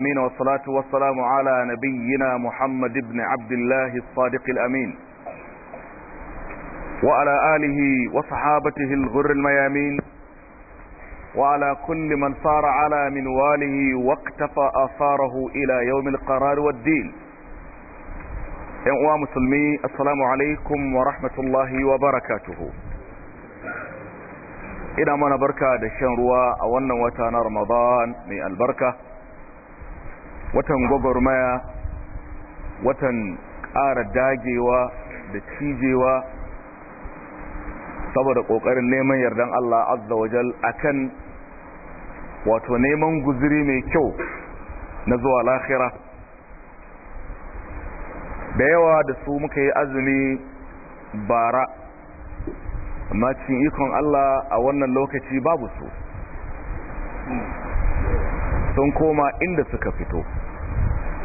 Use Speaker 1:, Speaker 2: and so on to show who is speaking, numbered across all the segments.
Speaker 1: أمين والصلاة والسلام على نبينا محمد بن عبد الله الصادق الأمين وعلى آله وصحابته الغر الميامين وعلى كل من صار على منواله واقتفى آثاره إلى يوم القرار والدين يوم مسلمي السلام عليكم ورحمة الله وبركاته ina mana بركة دشان shan ruwa a رمضان من البركة watan gwagwarmaya watan ƙara dagewa da cijewa saboda ƙoƙarin neman yardan Allah azza a kan wato neman guziri mai kyau na zuwa lahira da yawa da su muka yi azumi bara amma cikin ikon Allah a wannan lokaci babu su sun koma inda suka fito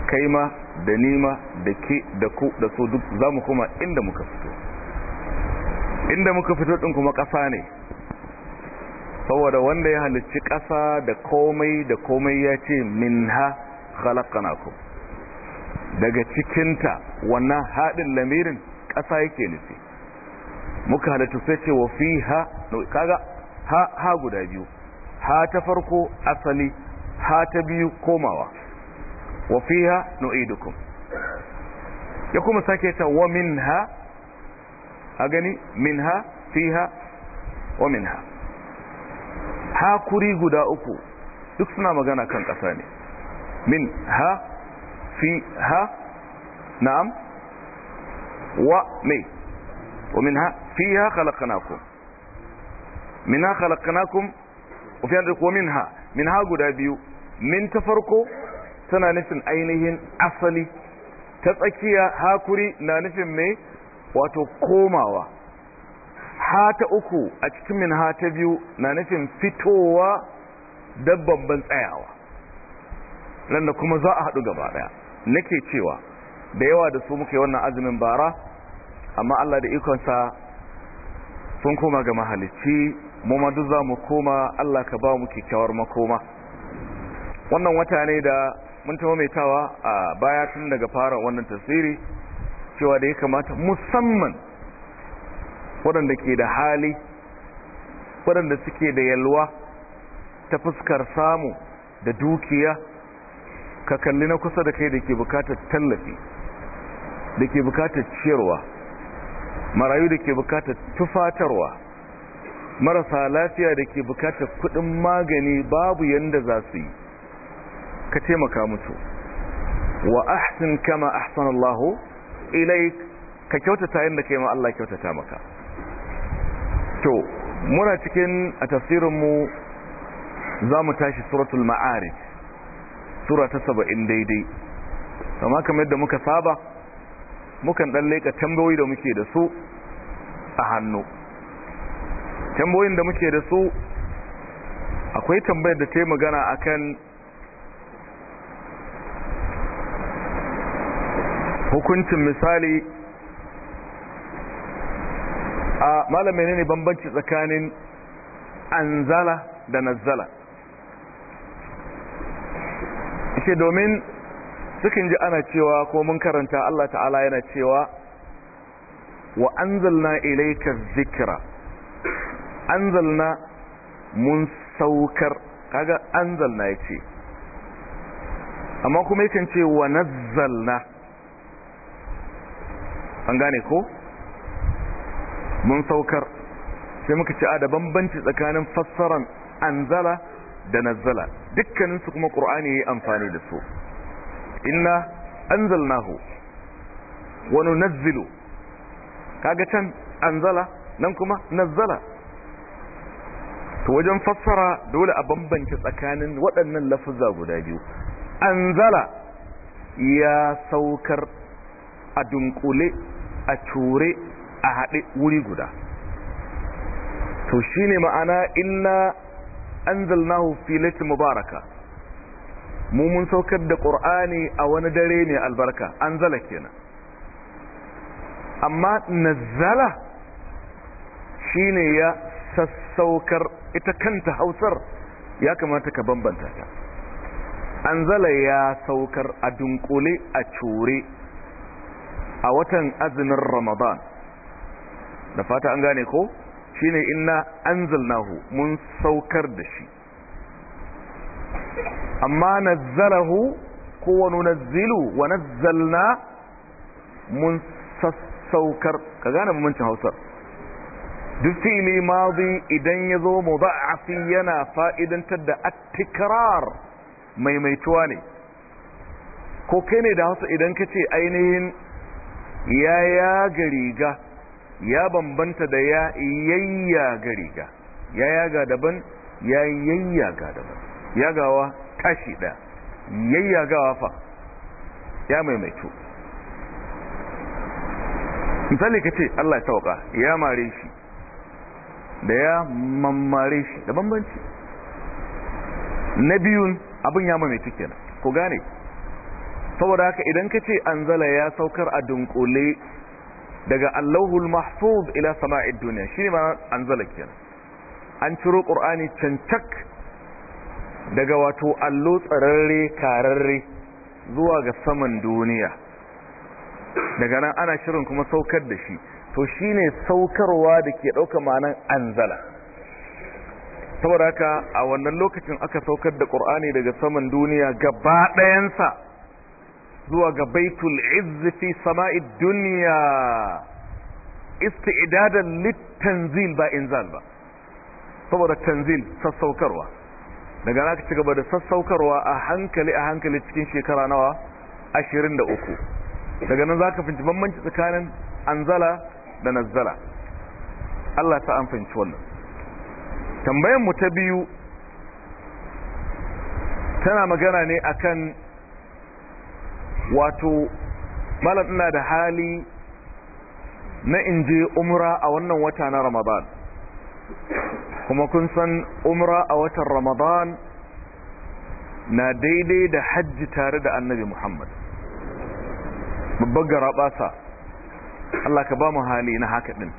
Speaker 1: kaima da nima da ke da ku da su duk za mu kuma inda muka fito inda muka fito ɗin kuma ƙasa ne saboda wanda ya halicci ƙasa da komai da komai ya ce min ha ku. daga cikinta wannan haɗin lamirin ƙasa yake nufi muka halittu sai ce wa fi ha kaga ha guda biyu ha ta farko asali ha ta biyu komawa wa fiha nu'idukum ya kuma sake ta wa minha a gani minha fiha wa minha hakuri guda uku duk suna magana kan ƙasa ne min ha fi ha na'am wa mai wa min ha fi ha khalaqnakum min ha khalaqnakum wa fi ha min ha guda biyu min ta farko tana nufin ainihin asali ta tsakiya hakuri na nufin mai wato komawa ha ta uku a cikin min ha ta biyu na nufin fitowa dabban babban tsayawa nan da kuma za a haɗu gaba ɗaya nake cewa da yawa da su muke wannan azumin bara amma Allah da ikonsa sun koma ga mahalicci mu ma duk za mu koma Allah ka ba mu kyakkyawar makoma wannan wata ne da mun ta tawa a baya tun daga fara wannan tasiri cewa da ya kamata musamman waɗanda ke da hali waɗanda suke da yalwa ta fuskar samu da dukiya ka kalli na kusa da kai da ke bukatar tallafi da ke bukatar ciyarwa marayu da ke bukatar tufatarwa marasa lafiya da ke bukatar kudin magani babu yadda za su yi ka taimaka musu wa ahsin kama ahsana Allah ilaik ka kyautata yanda kai ma Allah kyautata maka to muna cikin a tafsirin mu zamu tashi suratul ma'arij sura ta 70 daidai amma kamar yadda muka saba mukan dan leka tambayoyi da muke da su a hannu tambayoyin da muke da su akwai tambayar da ta yi magana akan hukuncin misali a malamai ne bambanci tsakanin anzala da nazzala ce domin sukan ji ana cewa ko mun karanta Allah ta'ala yana cewa wa anzalna ilayka dhikra anzalna mun saukar kaga anzalna yace amma kuma yake ce wa nazzalna an gane ko mun saukar sai muka ci da bambanci tsakanin fassaran anzala da nazala dukkaninsu kuma ƙur'ani ya yi amfani da su inna anzalnahu wani nazzilu kaga can anzala nan kuma nazzala to wajen fassara dole a bambance tsakanin waɗannan lafuzza guda biyu
Speaker 2: anzala
Speaker 1: ya saukar a dunkule a cure a haɗe wuri guda to shine ma'ana inna anzalnahu fi lailatin mubaraka mu mun saukar da qur'ani a wani dare ne albarka an anzala kenan amma nazzala shine ya sassaukar ita kanta hausar ya kamata ka bambanta ta An zala ya saukar a dunkule a cure a watan azumin ramadan da fata an gane ko shine inna zalnahu mun saukar da shi amma na nazzalahu ko na zilu wani zalna mun sassaukar ka gane bambancin hausar duk ma idan ya zo fi yana fa'idantar da atikarar maimaituwa ne ko kai ne da hausa idan ka ce ainihin ya yaga riga ya bambanta da ya yayyaga riga ya yaga daban ya yayyaga daban yagawa tashi da yayyagawa fa ya maimaito misali ka ce Allah ya sauka ya mare shi da ya mammare shi da bambanci na biyun abin ya maimaito kenan ku gane saboda haka idan ka ce anzala ya saukar a dunkule daga allahul mahfuz ila sama'id duniya shine ma zala kenan an ciro qur'ani cancak daga wato allo tsararre kararre zuwa ga saman duniya daga nan ana shirin kuma saukar da shi to shine saukarwa da ke ɗauka an anzala saboda haka a wannan lokacin aka saukar da ƙur'ani daga saman duniya gaba ɗayansa zuwa ga baitul izzi fi sama'i dunya isti'dadan litanzil ba inzal ba saboda tanzil sassaukarwa daga na ci gaba da sassaukarwa a hankali a hankali cikin shekara nawa 23 daga nan zaka finci bambanci tsakanin anzala da nazzala Allah ta an fahimci wannan tambayan mu ta biyu tana magana ne akan wato malam ina da hali na inje umra a wannan wata na ramadan kuma kun san umra a watan ramadan na daidai da hajji tare da annabi muhammad babbar garaɓasa allah ka ba mu hali na haka ɗin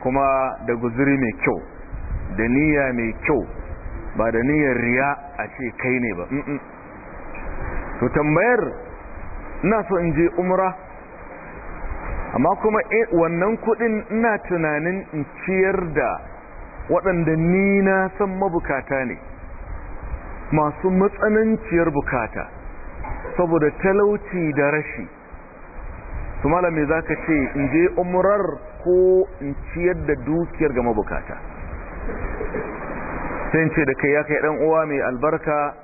Speaker 1: kuma da guziri mai kyau da niyya mai kyau ba da niyyar riya a ce kai ne ba to tambayar ina so in je umra amma kuma eh, wannan kudin ina tunanin in ciyar da waɗanda ni na san mabukata ne masu matsananciyar bukata saboda talauci da rashi su malamai za ka ce in je umrar ko in ciyar da dukiyar ga mabukata sai ce da kai ya kai ɗan uwa mai albarka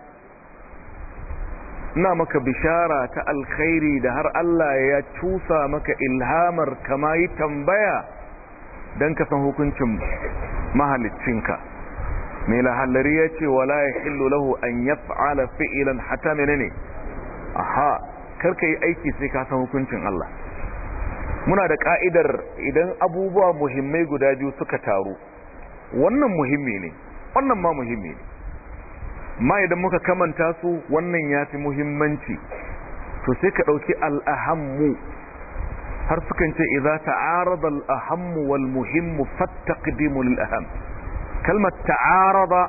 Speaker 1: ina maka bishara ta alkhairi da har Allah ya cusa maka ilhamar kama yi tambaya don ka san hukuncin mahalicinka mai lahallari ya ce wala ya hillo lahu an ya fa'ala fi'ilan hata mene ne aha karka yi aiki sai ka san hukuncin Allah muna da ka'idar idan abubuwa muhimmai guda biyu suka taru wannan muhimmi ne wannan ma muhimmi ne ma idan muka kamanta su wannan ya fi muhimmanci to sai ka ɗauki al'ahammu har sukan ce idza ta'arada al'ahammu wal muhimmu fattaqdimu lil aham kalmar ta'arada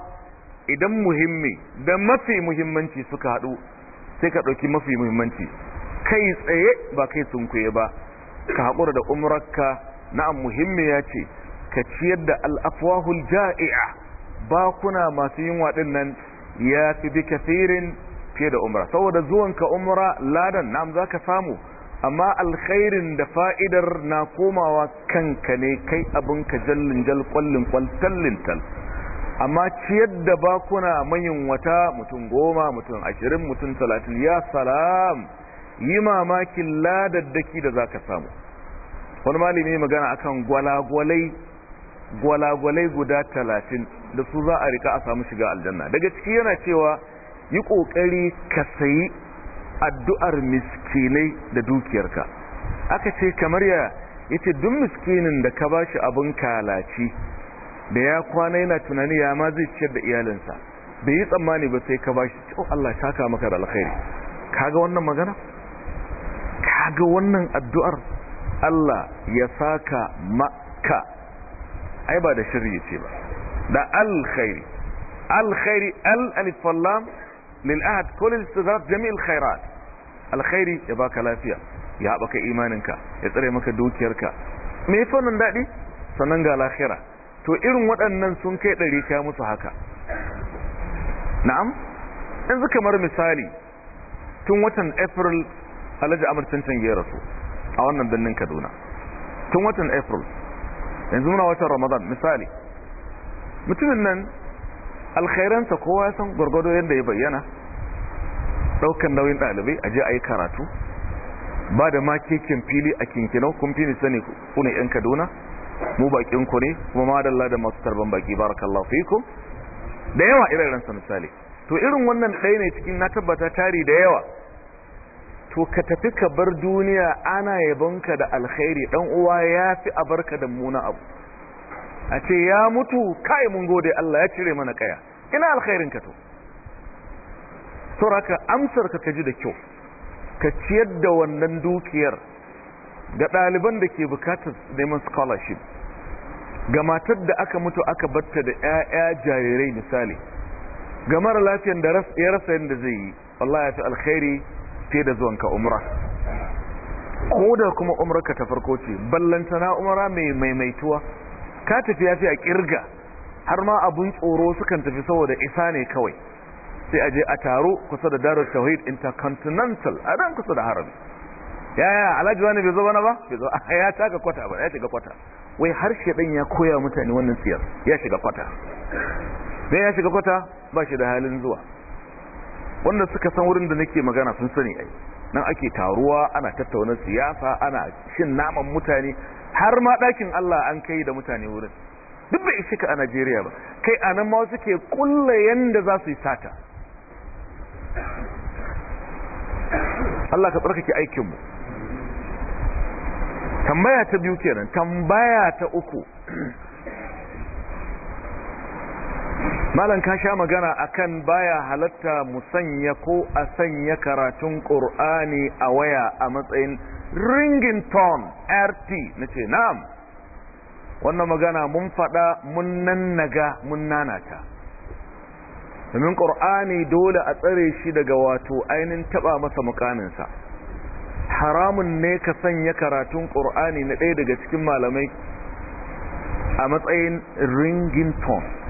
Speaker 1: idan muhimmi da mafi muhimmanci suka haɗu sai ka ɗauki mafi muhimmanci kai tsaye ba kai sunkuye ba ka haƙura da umrarka na'am muhimmi ya ce ka ciyar da al'afwahul ja'i'a bakuna masu yin ɗin nan ya fi bi kafirin fiye da umra saboda zuwanka umra ladan nam za ka samu amma alkhairin da fa'idar na komawa kanka ne kai abinka jallin jal kwallin kwaltallin tal amma ciyar da bakuna manyan wata mutum goma mutum ashirin mutum talatin ya salam yi mamakin ladaddaki da za ka samu wani malami magana akan gwala gwalagwalai gwalagwalai guda talatin da su za a rika a samu shiga aljanna daga ciki yana cewa yi ƙoƙari ka sayi addu'ar miskinai da dukiyarka aka ce kamar ya yace duk miskinin da ka bashi abin kalaci da ya kwana yana tunani ya ma zai ciyar da iyalinsa bai yi tsammani ba sai ka bashi oh Allah saka maka da alkhairi kaga wannan magana kaga wannan addu'ar Allah ya saka maka ai ba da shirri ce ba da alkhairi alkhairi al alif lam lil ahad ko lil jami'il khairat alkhairi ya baka lafiya ya haɓaka imaninka ya tsare maka dukiyarka me yafi wannan daɗi sannan ga lahira to irin waɗannan sun kai ɗari ka musu haka na'am yanzu kamar misali tun watan april alhaji amurcin can ya rasu a wannan birnin kaduna tun watan april yanzu muna watan ramadan misali mutumin nan alkhairansa kowa ya san gwargwado yadda ya bayyana ɗaukan nauyin ɗalibai a je a yi karatu ba da makekin fili a kinkinau kun fi ni sani kuna yan kaduna mu bakin ku ne kuma madalla da masu tarban baki barakallahu fikum da yawa irin sa misali to irin wannan ɗaya ne cikin na tabbata tari da yawa to ka tafi ka bar duniya ana yabon ka da alkhairi dan uwa ya fi a barka da muna abu a ce ya mutu kai mun gode Allah ya cire mana kaya ina alkhairin ka to ka amsar ka ji da kyau ka ciyar da wannan dukiyar ga ɗaliban da ke bukatar neman scholarship ga matar da aka mutu aka batta da 'ya'ya jarirai misali ga mara lafiyar da ya rasa yadda zai yi Allah ya fi alkhairi sai da ka umra ko da kuma umrarka ta farko ce ballanta na umra mai maimaituwa ka tafiya sai a kirga har ma abun tsoro sukan tafi saboda isa ne kawai sai aje a taro kusa da darar tawhid intercontinental a ran kusa da ya yaya alhaji wani bai zo bana ba bai zo ya taka kwata ba ya shiga kwata wai har dan ya koya mutane wannan siyar ya shiga kwata dan ya shiga kwata ba shi da halin zuwa wanda suka san wurin da nake magana sun sani ai nan ake taruwa ana tattauna siyasa ana shin naman mutane har ma dakin Allah an kai da mutane wurin duk bai ishe a Najeriya ba kai a nan ma suke ke kulla yanda za su yi sata Allah ka tsarkake aikinmu tambaya ta biyu kenan tambaya ta uku malam ka sha magana akan baya halatta musanya ko a sanya karatun ƙur'ani a waya a matsayin ringington rt na ce na'am wannan magana mun faɗa mun naga mun nanata domin ƙur'ani dole a tsare shi daga wato ainihin taɓa masa sa haramun ne ka sanya karatun ƙur'ani na ɗaya daga cikin malamai a matsayin ringington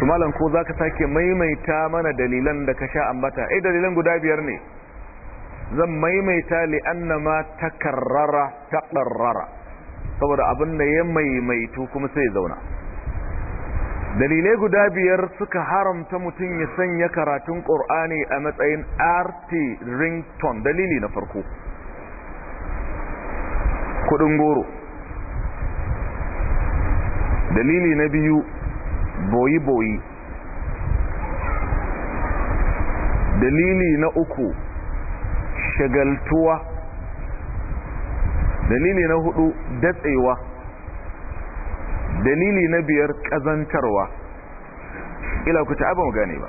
Speaker 1: su malam ko za ka sake maimaita mana dalilan da ka sha ambata ai eh, dalilan guda biyar ne zan maimaita li'anna ma takarrara takarrara saboda abin da ya maimaitu kuma sai zauna dalilai guda biyar suka haramta mutum ya sanya karatun ƙur'ani a matsayin rt rington dalili na farko kudin goro dalili na biyu boyi-boyi dalili na uku shagaltuwa dalili na hudu datsewa dalili na biyar kazantarwa ila ku ta'aba mu gane ba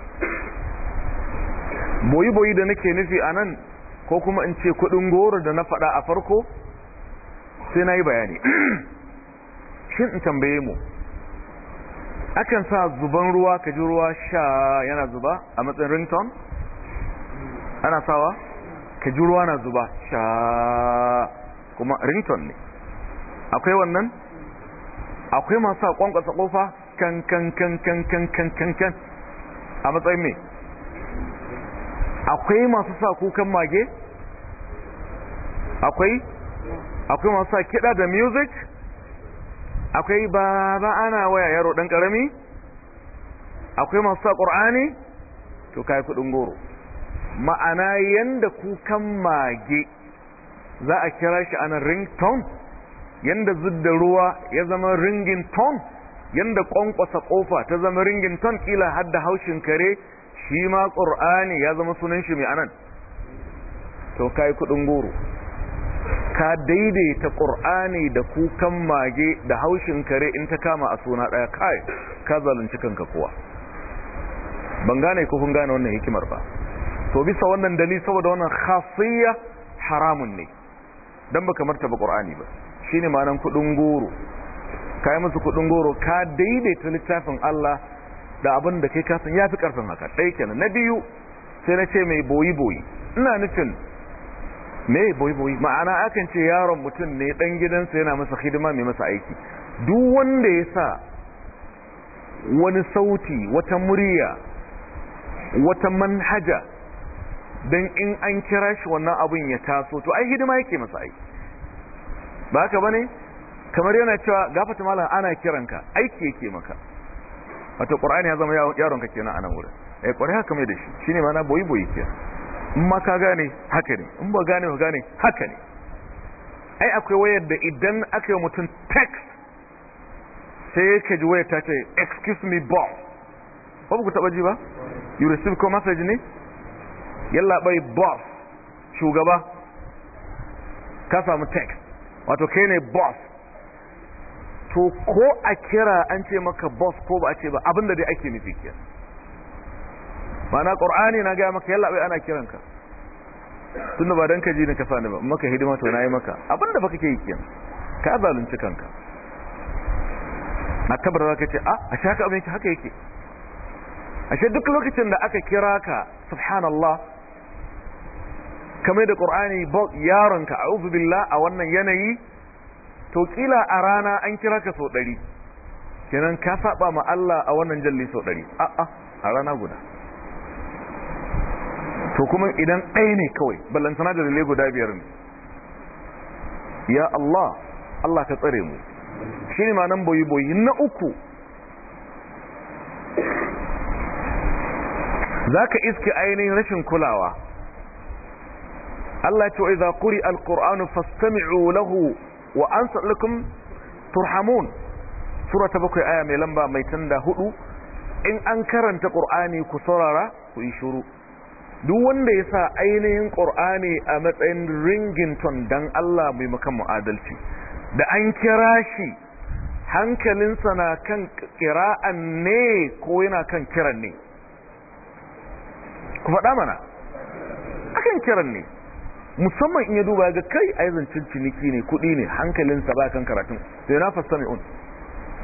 Speaker 1: boyi-boyi da nake nufi a nan ko kuma in ce kudin goro da na fada a farko sai na yi bayani shin in tambaye mu akan sa zuban ruwa ka ji ruwa sha yana zuba a matsayin rington ana sawa ka ji ruwa na zuba sha kuma rington ne akwai wannan akwai masu a kwankwasa kofa kan kan kan kan kan kan kan kan a matsayin me akwai masu sa kukan mage akwai akwai masu sa kiɗa da music akwai baba ana waya yaro dan ƙarami? akwai masu sa qur'ani to kai kudin goro ma'ana yanda kukan mage za a kira shi ana ringtone yanda zudda ruwa ya zama ringin tone yanda kwankwasa ƙofa ta zama ringin ƙila kila hadda haushin kare shi ma qur'ani ya zama sunan shi mai anan to kai kudin goro ka daidaita ƙur'ani da kukan mage da haushin kare in ta kama a suna ɗaya kai ka zalunci kanka kuwa ban gane ko kun gane wannan hikimar ba to bisa wannan dali saboda wannan khasiyya haramun ne dan baka martaba ƙur'ani ba shine manan kudin goro kai musu kudin goro ka daidaita littafin Allah da abin da kai ka san yafi karfin haka dai kenan na biyu sai na ce mai boyi boyi ina nufin me boyi ma'ana akan ce yaron mutum ne dan gidansa yana masa hidima mai masa aiki duk wanda ya sa wani sauti wata murya wata manhaja don in an kira shi wannan abun ya taso to ai hidima yake masa aiki ba haka bane kamar yana cewa gafata malam ana kiranka aiki yake maka wato qur'ani ya zama yaron ka kenan anan wurin eh qur'ani haka mai da shi shine mana boyi-boyi kenan in ma ka gane haka ne in ba gane ba gane haka ne ai akwai wayar da idan aka yi mutum text sai ya keji wayar ta ce excuse me boss ba ku taba ji ba you receive call message ne yalla bai boss shugaba ka samu text wato kai ne boss to ko a kira an ce maka boss ko ba a ce ba abinda dai ake nufi kenan mana qur'ani na ga maka yalla bai ana kiranka tunda ba dan ka ji ne ka sani ba maka hidima to nayi maka abinda baka ke yi kenan ka zalunci kanka a tabbata zaka ce a ah, a shaka abin haka yake A ashe duk lokacin da aka kira ka subhanallah kamar da qur'ani yaron ka a'udhu billah a wannan yanayi to kila a rana an kira ka so ɗari. kenan ka saba ma Allah a wannan jalli so ɗari. a a a rana guda to kuma idan ɗaya ne kawai ballantana da lele guda biyar ne ya Allah Allah ka tsare mu shi ne manan boyi-boyi na uku za ka iske ainihin rashin kulawa Allah ce wa iza kuri alkur'anu fastami'u lahu wa an sa'alakun turhamun sura ta bakwai aya mai lamba mai tanda hudu in an karanta ƙur'ani ku saurara ku yi shuru duk wanda ya sa ainihin ƙur'ani a matsayin ringington don Allah mai makan mu'adalci da an kira shi hankalinsa na kan kira'an ne ko yana kan kiran ne ku faɗa mana kan kiran ne musamman in ya duba ga kai a zancen ciniki ne kuɗi ne hankalinsa ba kan karatun sai na fasta mai un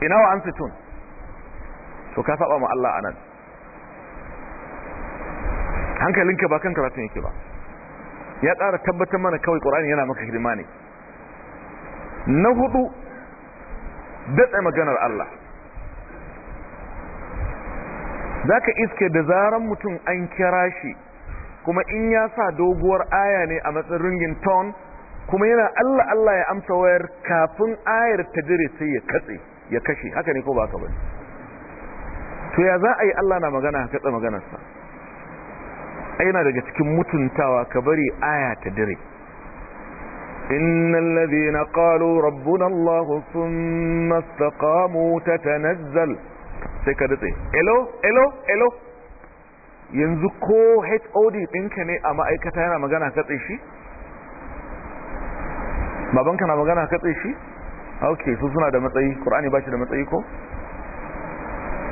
Speaker 1: ina wa an tun? to ka saba ma Allah anan hankalinka ba kan karatun yake ba ya ƙara tabbatar mana kawai ƙorani yana maka hidima ne na hudu datse maganar Allah za ka iske da zaren mutum an kira shi kuma in ya sa doguwar aya ne a matsayin ringin ton kuma yana Allah Allah ya amsa wayar kafin ayar ta dire sai ya katse ya kashe haka ne ko ba ka bane to ya za a yi Allah na magana ka katse maganarsa aina daga cikin mutuntawa ka bari aya ta dire qalu rabbuna allah thumma istaqamu tatanazzal sai ka dace elo elo elo. yanzu ko HOD ɗinka ne a ma'aikata yana magana katse shi? babanka na magana katse shi? okay su suna da matsayi qur'ani ba shi da matsayi ko?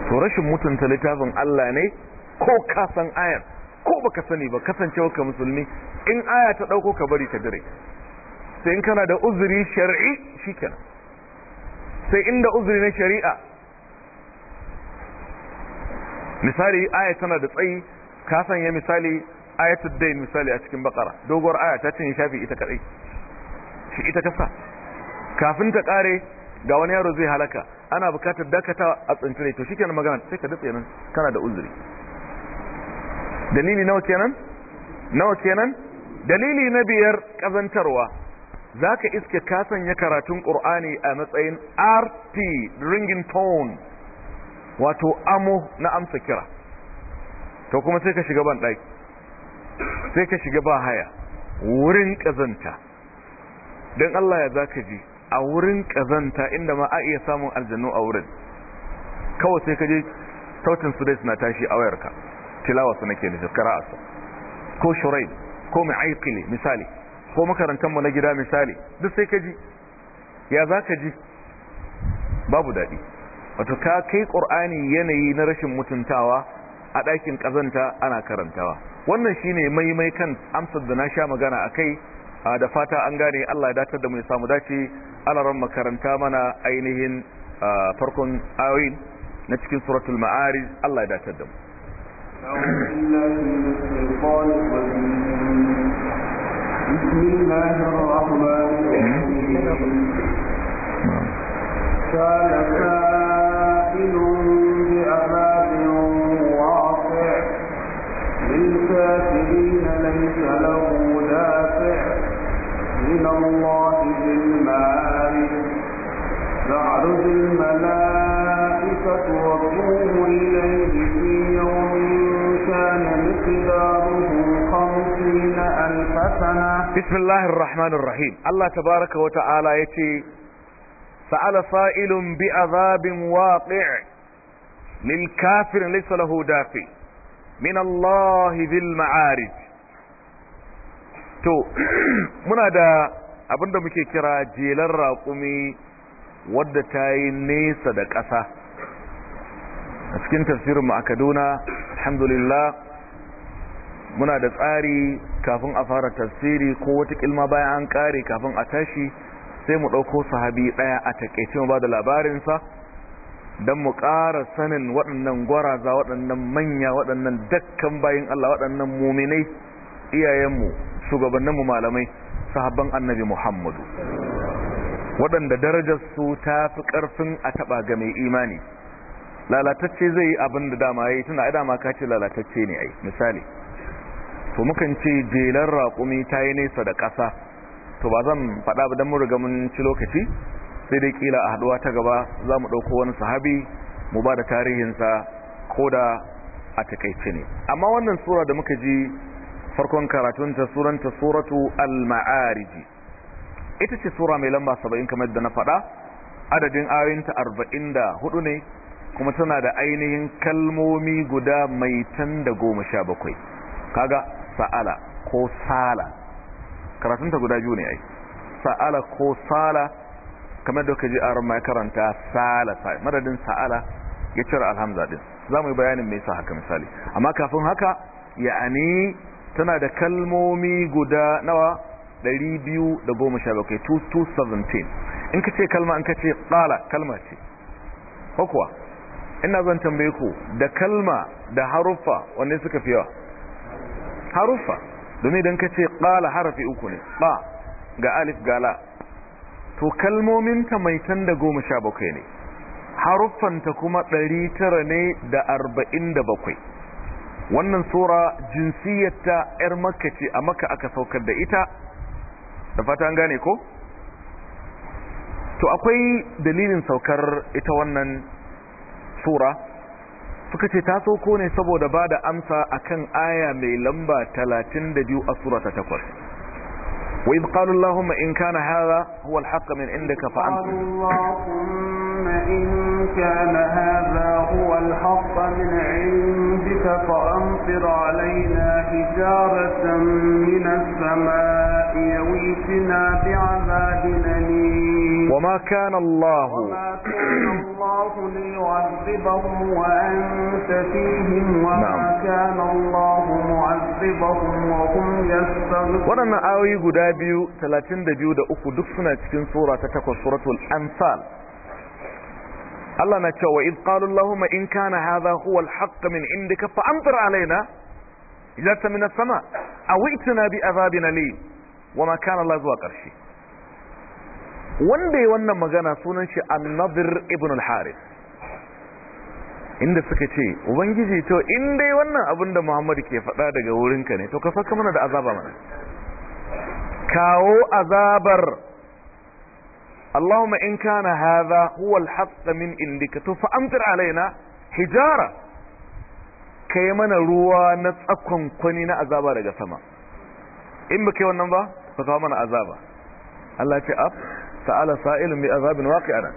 Speaker 1: to rashin mutunta littafin Allah ne ko kasan ayar ko baka sani ba kasancewa ka musulmi in aya ta dauko ka bari ta dire sai in kana da uzuri shar'i shikenan sai inda uzuri na shari'a misali aya tana da tsayi ka sanya misali ayatul dain misali a cikin bakara doguwar aya ta cin shafi ita kadai shi ita kasa kafin ta kare ga wani yaro zai halaka ana bukatar dakata a tsintire to shikenan magana sai ka dace nan kana da uzuri dalili nawa kenan nawa kenan dalili na biyar kazantarwa zaka iske ka sanya karatun qur'ani a matsayin rt ringing tone wato amo na amsa kira to kuma sai ka shiga ban dai sai ka shiga ba haya wurin kazanta don Allah ya zaka ji a wurin kazanta inda ma a iya samun aljannu a wurin kawai sai ka je sautin su dai suna tashi a wayarka tilawarsa nake nufi qira'arsa ko shuraib ko mu'ayqili misali ko makarantar mu na gida misali duk sai ka ji ya zaka ji babu daɗi wato ka kai ƙor'ani yanayi na rashin mutuntawa a ɗakin ƙazanta ana karantawa wannan shine maimai kan amsar da na sha magana a kai da fata an gane Allah ya datar da mu ya samu dace alaran makaranta mana ainihin farkon ayoyin na cikin suratul ma'ari Allah ya datar da mu
Speaker 2: بسم الله الرحمن الرحيم سائل واقع للكافرين ليس له من الله الملائكة والروح الليل في يوم كان مقداره خمسين ألف سنة
Speaker 1: بسم الله الرحمن الرحيم الله تبارك وتعالى يتي سأل سائل بعذاب واقع للكافر ليس له دافع من الله ذي المعارج to muna da abinda muke kira jelar raƙumi wadda ta yi nesa da ƙasa a cikin tafsirin a kaduna alhamdulillah muna da tsari kafin a fara tafsiri ko wata kilma bayan an kare kafin a tashi sai mu ɗauko sahabi ɗaya a takaice mu ba da labarinsa don mu ƙara sanin waɗannan gwaraza waɗannan manya waɗannan dakkan bayin Allah waɗannan muminai iyayenmu shugabanninmu malamai sahabban annabi Muhammadu waɗanda darajarsu ta fi ƙarfin a taɓa ga mai imani lalatacce zai yi abin da dama ya yi tuna dama ka ce lalatacce ne ai misali to mukan ce jelar raƙumi ta yi nesa da ƙasa to ba zan faɗa ba don murga mun ci lokaci sai dai ƙila a haɗuwa ta gaba za mu ɗauko wani sahabi mu ba da tarihinsa ko da a takaice ne amma wannan sura da muka ji farkon karatunta suranta suratu al-ma'ariji ita ce sura mai lamba saba'in kamar da na faɗa adadin ayoyinta arba'in da hudu ne kuma tana da ainihin kalmomi guda mai tan da goma sha bakwai kaga sa'ala ko sala karatunta guda biyu ne ai sa'ala ko sala kamar da ka ji a ramai karanta sala madadin sa'ala ya cire alhamza din za mu yi bayanin mai sa haka misali amma kafin haka ya'ani tana da kalmomi guda nawa 217 217 in ka ce kalma in ka ce ƙala kalma ce ko ina zan tambaye ku da kalma da haruffa wanne suka fi yawa haruffa domin idan ka ce ƙala harafi uku ne ba ga alif gala to kalmominta mai can da goma sha bakwai ne haruffanta kuma ɗari tara ne da arba'in da bakwai wannan tsora jinsiyarta 'yar makka ce a maka aka saukar da ita da fata gane ko? to akwai dalilin saukar ita wannan sura suka ce ta sauko ne saboda ba da amsa akan aya mai lamba 32 a sura ta 8 وإذ قالوا اللهم إن كان هذا هو الحق من عندك فأنت
Speaker 2: اللهم إن كان هذا هو الحق من عندك فأمطر علينا حجارة من السماء يويتنا بعذاب أليم وما كان
Speaker 1: الله وما
Speaker 2: كان الله الله ليعذبهم وأنت فيهم وما نعم. كان الله معذبهم وهم يستغفرون
Speaker 1: وانا آوي قدابيو ثلاثين دبيو دا أكو دكسنا تكين سورة تتكو سورة الأنفال الله نتشو وإذ قالوا اللهم إن كان هذا هو الحق من عندك فأمطر علينا إجازة من السماء أويتنا بأذابنا لي وما كان الله ذو قرشي wanda yi wannan magana sunan shi annadir ibn al-haris inda suka ce ubangiji to in dai wannan abin da muhammadu ke faɗa daga wurinka ne to ka saka da azaba mana kawo azabar Allahumma in kana hadha huwa al-haqq min indika to fa alaina hijara kai mana ruwa na tsakon kwani na azaba daga sama in ba wannan ba ka kawo mana azaba Allah ce sa'ala sa'ilun bi azabin waqi'ana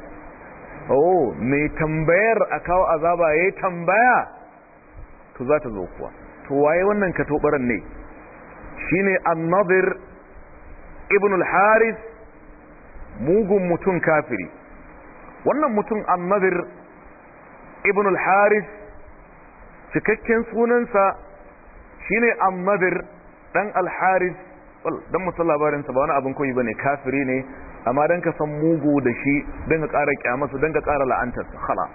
Speaker 1: oh mai tambayar a kawo azaba yayi tambaya to za ta zo kuwa to waye wannan katobaran ne shine an-nadir ibn al-harith mugun mutum kafiri wannan mutum an-nadir ibn al-harith cikakken sunansa shine an-nadir dan al-harith dan mutum labarinsa ba wani abin koyi bane kafiri ne amma dan ka san mugu da shi dan ka ƙara kyamarsa dan ka ƙara la'antarsa khalas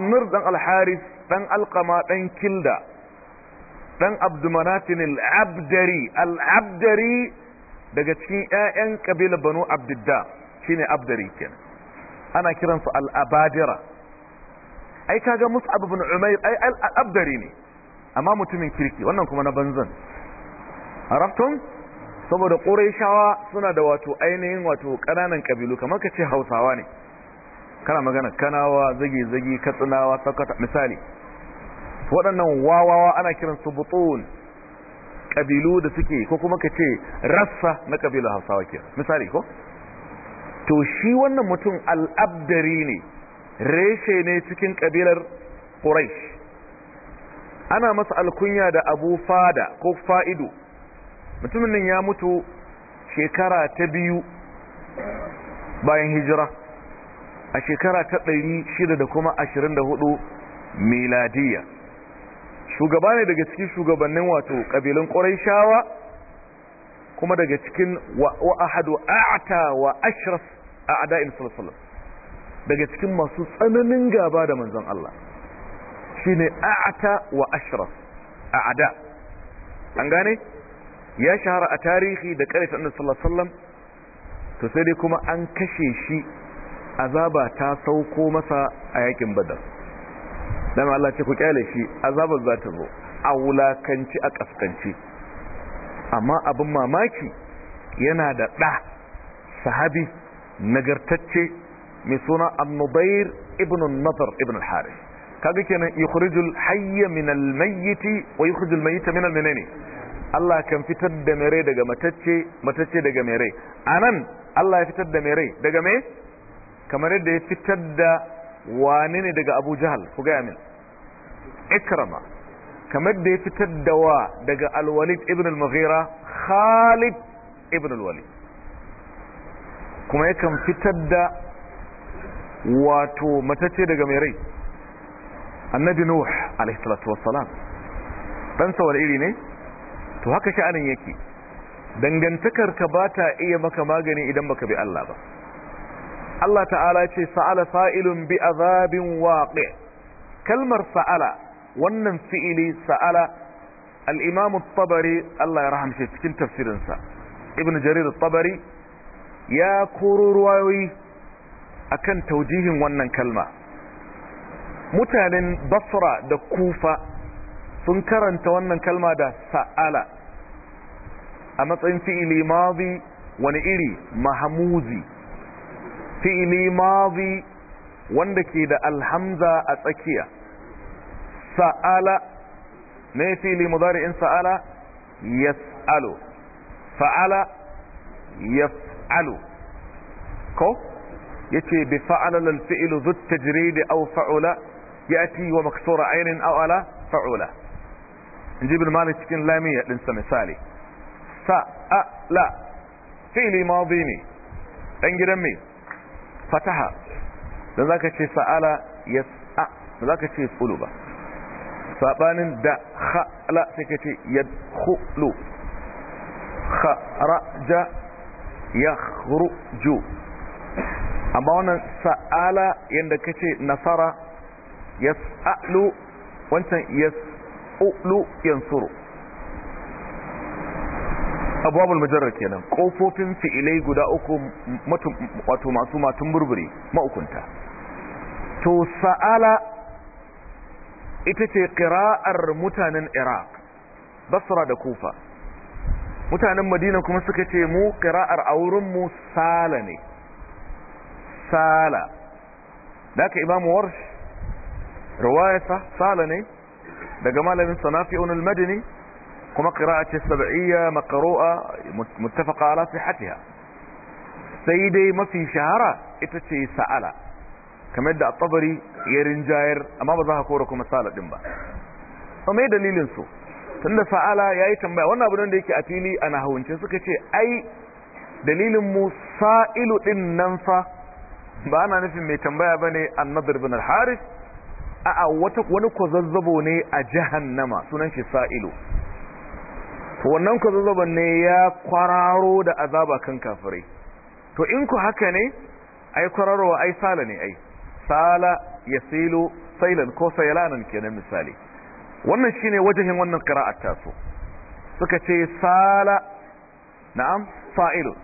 Speaker 1: amir ɗan alharis ɗan dan alqama dan kilda dan abdumanatin al'abdari daga cikin ƴaƴan kabilar banu abdidda shine abdari kenan ana kiransu al ai kaga musu ibn umair ai al'abdari ne amma mutumin kirki wannan kuma na banzan arabtum saboda ƙurayshawa suna da wato ainihin wato ƙananan ƙabilu kamar ka ce hausawa ne kana magana kanawa zage-zage katsinawa sakata misali waɗannan wawawa ana kiransu butun ƙabilu da suke ko kuma ka ce rassa na ƙabilar hausawa ke misali ko to shi wannan mutum al'abdari ne reshe ne cikin ƙabilar ƙuraish ana masa alkunya da abu fada ko fa'idu mutumin nan ya mutu shekara ta biyu bayan hijira a shekara ta ɗari shida da kuma ashirin da hudu miladiyya shugaba ne daga cikin shugabannin wato ƙabilun ƙwarai shawa kuma daga cikin wa a'ata wa a ada'in sulsulun daga cikin masu tsananin gaba da manzon Allah shine a'ata wa ashraf a ada an gane ya shahara a tarihi da ƙarfi annabi sallallahu alaihi wasallam to sai dai kuma an kashe shi azaba ta sauko masa a yakin badar dan Allah ce ku kyale shi azabar za ta zo a wulakanci a kaskanci amma abin mamaki yana da ɗa sahabi nagartacce mai suna annubair ibn nazar ibn al-haris kaga kenan yukhrijul hayya min al-mayyit wa yukhrijul mayyita min al-menene Allah kan fitar da mere daga matacce matacce daga mere anan Allah ya fitar da mere daga me kamar yadda ya fitar da wane ne daga Abu Jahal ku ga min Ikrama kamar da ya fitar da wa daga Al-Walid ibn Al-Mughira Khalid ibn Al-Walid kuma kan fitar da wato matacce daga mere annabi Nuh alaihi salatu wassalam dan sawar iri ne to haka sha'anin yake dangantakarka ka ba ta iya maka magani idan baka bi Allah ba Allah ta'ala ce sa'ala fa'ilun bi azabin waqi kalmar sa'ala wannan fi'ili sa'ala al-imam at-tabari Allah ya rahamshe cikin tafsirinsa ibn jarir at-tabari ya koro akan taujihin wannan kalma mutanen basra da kufa sun karanta wannan kalma da sa'ala a matsayin fi'ili mazi wani iri mahamuzi fi'ili mazi wanda ke da alhamza a tsakiya sa'ala ne fi'ili mudari'in sa'ala yas'alu fa'ala yaf'alu ko yace bi fa'ala lil fi'lu da au aw ya yati wa maksura ainihin aw ala fa'ula in ji ibn malik cikin lamiya ɗinsa misali sa a la fi'li madi ne ɗan gidan mai fataha da za ka ce sa'ala da za ka ce tsulu ba saɓanin da khala sai ka ce ya yadkhulu ya yakhruju amma wannan sa'ala ka ce nasara ya yas'alu wancan ya. ulu yansuru abwabul mujarrad kenan kofofin fi'ilai guda uku wato masu matun burburi maukunta to sa'ala ita ce qira'ar mutanen iraq basra da kufa mutanen madina kuma suka ce mu qira'ar auren mu sala ne sala da ka imamu warsh sa sala ne daga malamin sanafi'un al-madani kuma qira'at as-sab'iyya maqru'a muttafaqa ala sihhatiha sai dai mafi shahara ita ce sa'ala kamar da at-tabari ya rinjayar amma ba za ka kora kuma sa'ala din ba to me dalilin su tunda sa'ala yayi tambaya wannan abin da yake a fili ana hawunce suka ce ai dalilin mu sa'ilu din nan fa ba ana nufin mai tambaya bane an-nadr ibn al-harith a'a wata wani kwazazzabo ne a jahannama sunan shi sa'ilu wannan kwazazzaban ne ya kwararo da azaba kan kafirai to in ku haka ne ai kwararowa ai sala ne ai sala silo sailan ko ke kenan misali wannan shine wajahin wannan a taso suka ce sala na'am fa'ilu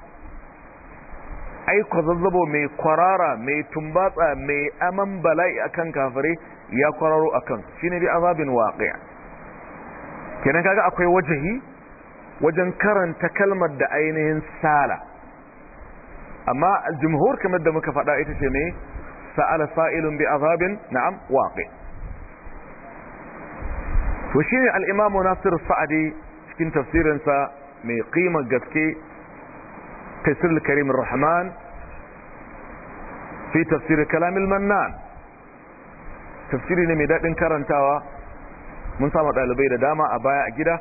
Speaker 1: ai kwazazzabo mai kwarara mai tumbatsa mai aman bala'i akan kafirai ya kwararo a kan shi ne bi azabin waƙiya kenan kaga akwai wajahi wajen karanta kalmar da ainihin sala amma jimhur kamar da muka faɗa ita ce ne sa'ala sa'ilun bi azabin na'am waƙi to shi ne al'imamu nasir sa'adi cikin tafsirinsa mai ƙimar gaske tafsir karimin rahman fi tafsir kalamil mannan tafsiri ne mai daɗin karantawa mun samu ɗalibai da dama a baya a gida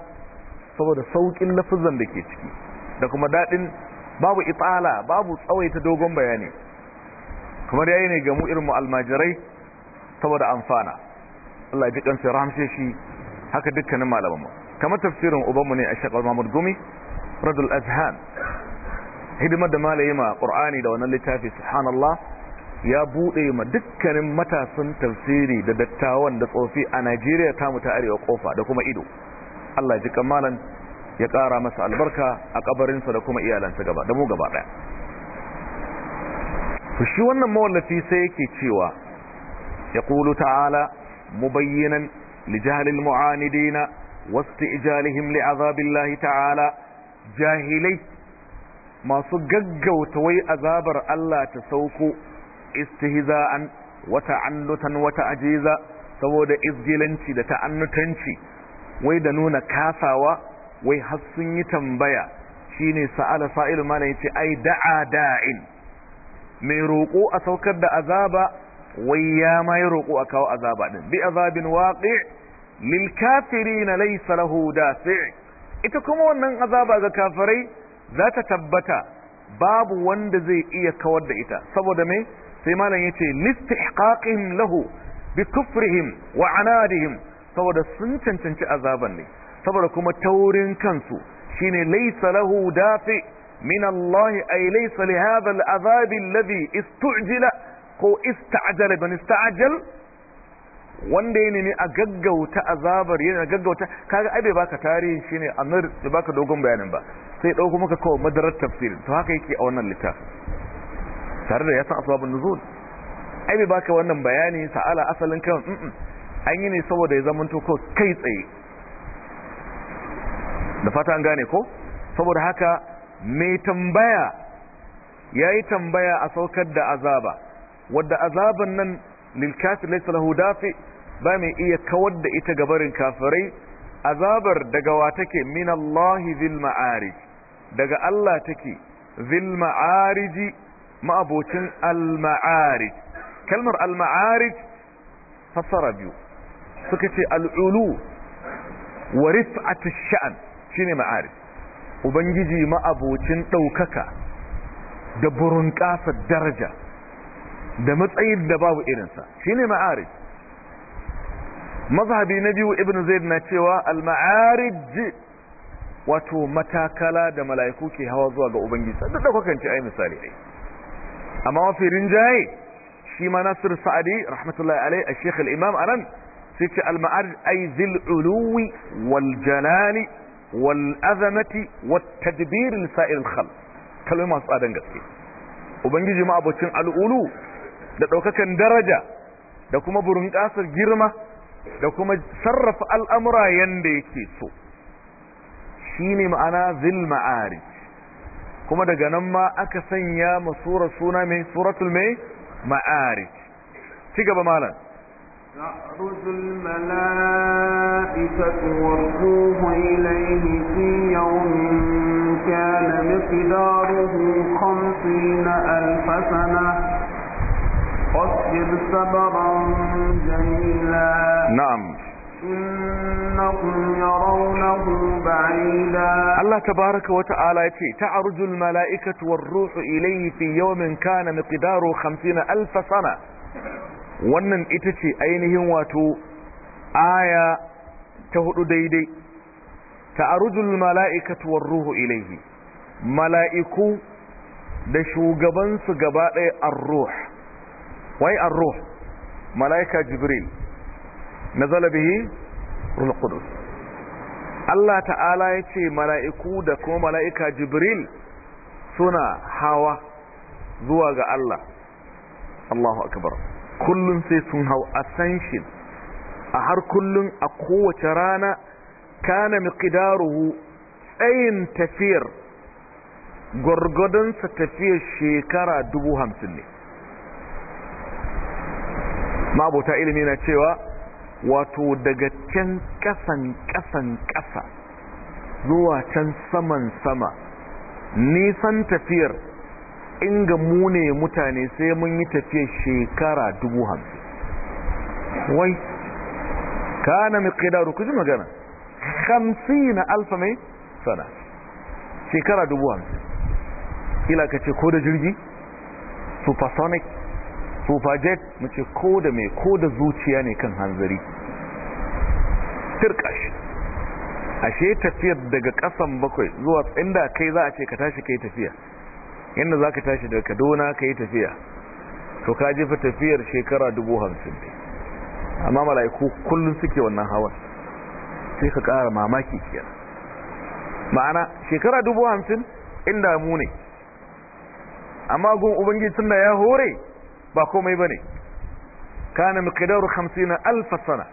Speaker 1: saboda sauƙin lafizan da ke ciki da kuma daɗin babu itsala babu tsawaita dogon bayani kamar yayi ne ga mu irin mu almajirai saboda amfana Allah ya ji kansa ramshe shi haka dukkanin malaman mu kamar tafsirin ubanmu ne a shakar Mahmud Gumi Radul Azhan hidimar da malaye ma Qur'ani da wannan littafi subhanallah ya bude ma dukkanin matasan tafsiri da dattawan da tsofi a Najeriya ta mu ta arewa kofa da kuma ido Allah ji kamalan ya kara masa albarka a kabarinsa da kuma iyalansa gaba da mu gaba daya shi wannan mawallafi sai yake cewa ya ta'ala mubayyinan lijahalil mu'anidina wasu li azabillahi ta'ala jahilai masu gaggauta wai azabar Allah ta sauko istihza'an wa ta'annutan wa ta'jiza saboda izgilanci da ta'annutanci wai da nuna kasawa wai har sun yi tambaya shine sa'ala sa'il mana yace ai da'a da'in mai roƙo a saukar da azaba wai ya ma roko roƙo a kawo azaba din bi azabin waqi' lil kafirin laysa lahu dafi' ita kuma wannan azaba ga kafirai za ta tabbata babu wanda zai iya kawar da ita saboda mai sai malam yace listihqaqin lahu bi kufrihim wa anadihim saboda sun cancanci azaban ne saboda kuma taurin kansu shine laysa lahu dafi min Allah ay laysa li hadha al-azab alladhi istu'jila ko ista'jala ban ista'jal wanda ya a gaggauta azabar yana gaggauta kaga ai bai baka tarihin shine annar da baka dogon bayanin ba sai dauko maka kawai madarar tafsirin to haka yake a wannan littafin tare da ya san asbabun nuzul ai bai baka wannan bayani ta'ala asalin kan an yi ne saboda ya zamanto ko kai tsaye da fata an gane ko saboda haka mai tambaya yayi tambaya a saukar da azaba wanda azaban nan lil kafir laysa lahu dafi ba mai iya kawar da ita gabarin kafirai azabar daga wa take minallahi zil ma'arij daga Allah take zil ma'arij ma'abocin al-ma'arij kalmar al-ma'arij fassara biyu suka ce al'ulu wa rif'atu sha'an shine ma'arij ubangiji ma'abocin daukaka da burun daraja da matsayin da babu irinsa shine ma'arij mazhabi na biyu ibn zaid na cewa al-ma'arij wato matakala da mala'iku ke hawa zuwa ga ubangiji sai da kwakanci ai misali ai amma mafi rinjaye shi ma nasir sa'adi rahmatullahi alai a shekh al'imam a nan sai al-ma'arij ai zil uluwi wal jalali wal azamati wal tadbirin sa'ir khal kalmai masu tsadan gaske ubangiji ma abocin al'ulu da ɗaukakan daraja da kuma burin ƙasar girma da kuma sarrafa al'amura yanda yake so shine ma'ana zil ma'arij kuma daga nan ma aka sanya ma سورة suna mai suratul mai ma'arij ci gaba malam نعرض
Speaker 2: الملائكة والروح إليه في يوم كان مقداره خمسين ألف سنة فاصبر صبرا جميلا
Speaker 1: نعم Allah tabaraka wata ta'ala ta ta'arujul mala'ikatu war-ruhu ilayhi fi yawmin kana miqdaru 50000 sana wannan ita ce ainihin wato aya ta hudu daidai ta'arujul mala'ikatu war-ruhu ilayhi mala'iku da shugabansu gaba ɗaya ar wai arruh mala'ika jibril nazala bihi ruhul qudus Allah ta'ala yace mala'iku da kuma mala'ika Jibril suna hawa zuwa ga Allah Allahu akbar kullun sai sun hau ascension a har kullun a kowace rana kana miqdaruhu tsayin tafiyar sa tafiyar shekara dubu hamsin ne mabota ilimi na cewa wato daga can kasan kasan kasa zuwa can saman sama nisan tafiyar inga mune mutane sai mun yi tafiyar shekara dubu hamsin wai kana mai ƙidaru ku ji magana hamsin na alfa mai sana shekara dubu hamsin ila ka ce ko da jirgi supersonic sufajet mace ko da mai ko da zuciya ne kan hanzari turka ashe tafiyar daga kasan bakwai zuwa inda kai za a ce ka tashi kai tafiya yadda za ka tashi daga kaduna ka yi tafiya to ka jefa tafiyar shekara dubu hamsin ne amma mala'iku kullum suke wannan hawan sai ka kara mamaki kiyar ma'ana shekara dubu hamsin inda mu ne amma gun ubangiji tun ya hore ba komai bane kana miqdaru 50,000 sana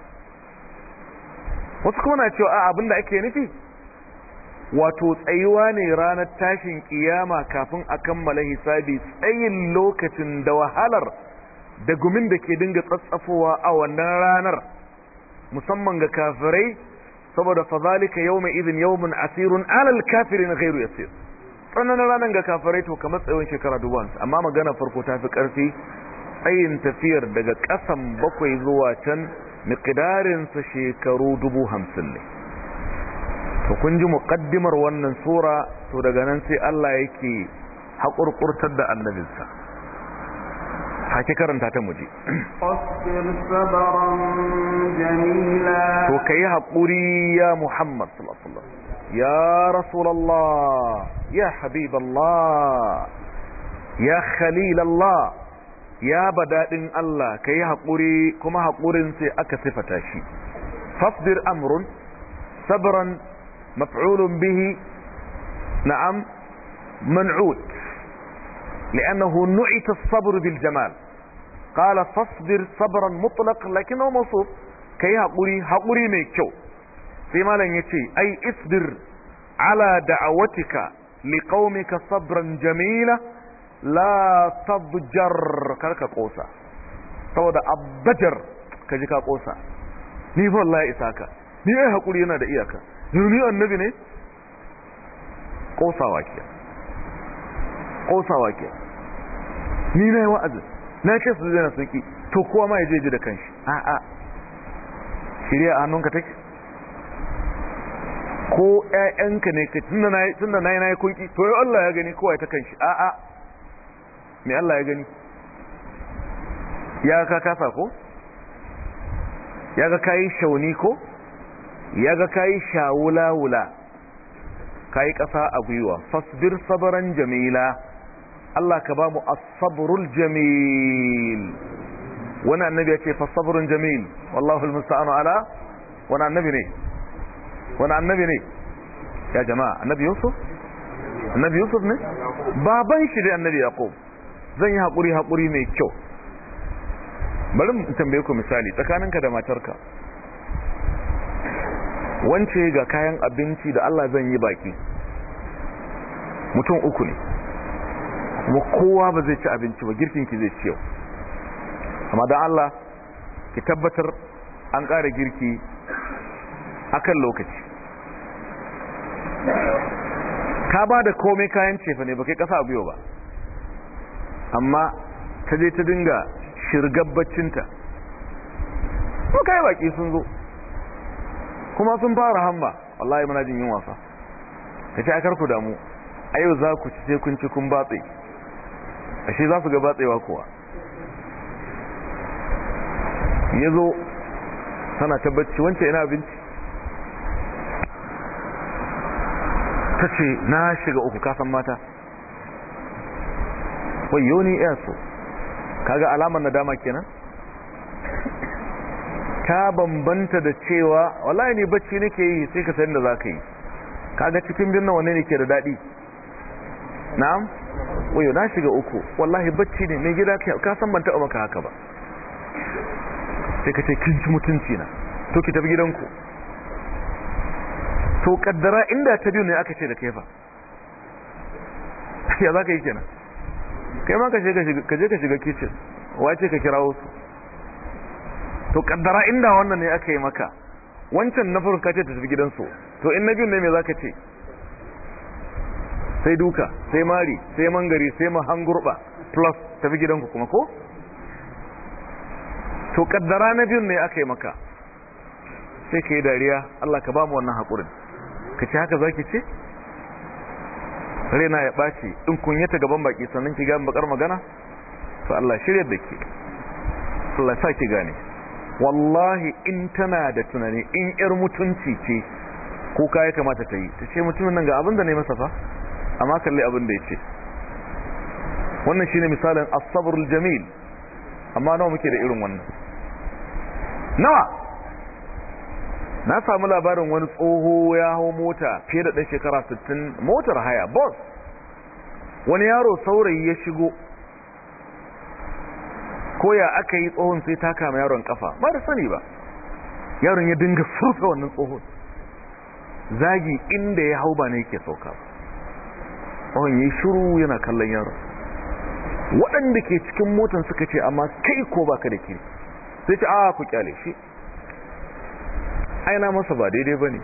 Speaker 1: wasu kuma na cewa a da ake nufi wato tsayuwa ne ranar tashin kiyama kafin a kammala hisabi tsayin lokacin da wahalar da gumin da ke dinga tsatsafowa a wannan ranar musamman ga kafirai saboda fazalika yawma idin yawmun asirun alal kafirin ghayru yasir tsananin ranar ga kafirai to kamar tsawon shekara dubu amma magana farko ta fi ƙarfi tsayin tafiyar daga ƙasan bakwai zuwa can miƙidarinsa shekaru dubu hamsin ne to kun ji muƙaddimar wannan sura to daga nan sai Allah yake haƙurƙurtar da annabinsa haki karanta ta muje to ka yi haƙuri ya muhammad sallallahu
Speaker 2: يا رسول الله
Speaker 1: يا حبيب الله يا خليل الله يا بدادن الله كي هقوري كما هقوري انسي اكسفة شيء فاصبر امر صبرا مفعول به نعم منعوت لانه نعت الصبر بالجمال قال فاصبر صبرا مطلق لكنه موصوف كي هقوري هقوري ميكو sai malam ya ce ai isbir ala da'awatika liqaumika sabran jamila la tabjar karka kosa saboda abbajar ka ji ka kosa ni fa wallahi isa ka ni ai hakuri yana da iyaka ni annabi ne kosa waki kosa waki ni ne wa'azi na ce su zai na saki to kowa ma ya je ji da kanshi a a shirya a hannunka take ko ƴaƴanka ne kai tunda nayi tunda nayi nayi kunki to yau Allah ya gani kowa ta kanshi a a me Allah ya gani ya ka kafa ko ya ga kai shauni ko ya ga kai shawula wula kai kasa a gwiwa fasbir sabran jamila Allah ka ba mu as-sabrul jamil wani annabi ya ce fa jamil wallahu al-musta'anu ala wani annabi ne wani annabi ne ya jama'a annabi yusuf annabi yusuf ne baban shi da annabi yaqub zan yi hakuri hakuri mai kyau bari mu tambaye ku misali tsakaninka da matarka wance ga kayan abinci da Allah zan yi baki mutum uku ne kuma kowa ba zai ci abinci ba girkin ki zai ci yau amma da Allah ki tabbatar an ƙara girki akan lokaci ka ba da komai kayan cefa ne ba kai kasa biyo ba amma ta je ta dinga shirgabbacinta ko kai baki sun zo kuma sun fara hamma wallahi muna jin yin wasa ta ce akar ku damu a yau za ku ci sai kun ci kun batse ashe za su ga batsewa kuwa ya zo tana tabbaci wancan yana abinci ta ce na shiga uku kasan mata wai yoni iya so kaga alamar nadama kenan ta bambanta da cewa wallahi ne bacci nake yi sai ka san da za ka yi kaga cikin birnin wanne ne ke da daɗi na'am yau na shiga uku wallahi bacci ne mai gida ka san ban taɓa maka haka ba sai ka ce kin ci mutunci na to ki tafi gidanku to kaddara inda ta biyu ne aka ce da kai fa ya za ka yi kenan kai ma ka je ka shiga kicin wace ka kira wasu to kaddara inda wannan ne aka yi maka wancan na farko ka ce ta tafi gidansu to in na biyu ne me za ka ce sai duka sai mari sai mangari sai mahangurba plus tafi gidanku kuma ko to kaddara na biyun ne aka yi maka sai ka yi dariya Allah ka ba mu wannan haƙurin ka ce haka za ki ce raina ya ɓaci in kunyata gaban baki sannan ki gane bakar magana to Allah shirya da ke Allah sa ki gane wallahi in tana da tunani in yar mutunci ce ko ya kamata ta yi ta ce mutumin nan ga abin da ne masa fa amma kalli abin da ya ce wannan shine misalin asabar jamil amma nawa muke da irin wannan nawa na samu labarin wani tsoho ya hau mota fiye da ɗan shekara 60 motar haya bus wani yaro saurayi ya shigo koya aka yi tsohon sai ta kama yaron kafa ba da sani ba yaron ya dinga sauka wannan tsohon zagi inda ya hau ba ne yake sauka ba. tsohon ya yi shiru yana kallon yaron waɗanda ke cikin motan suka ce amma kai ko baka da kiri sai ce a ku kyale shi aina masa ba daidai ba ne